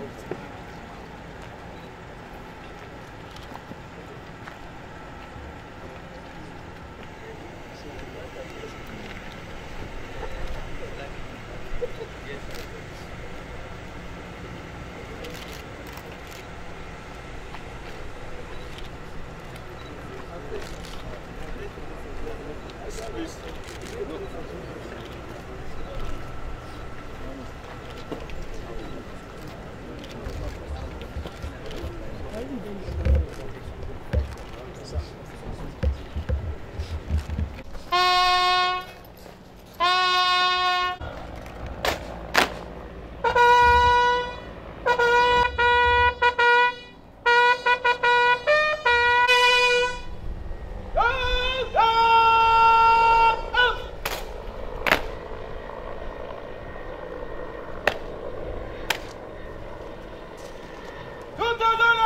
Thank you. Go, go, go!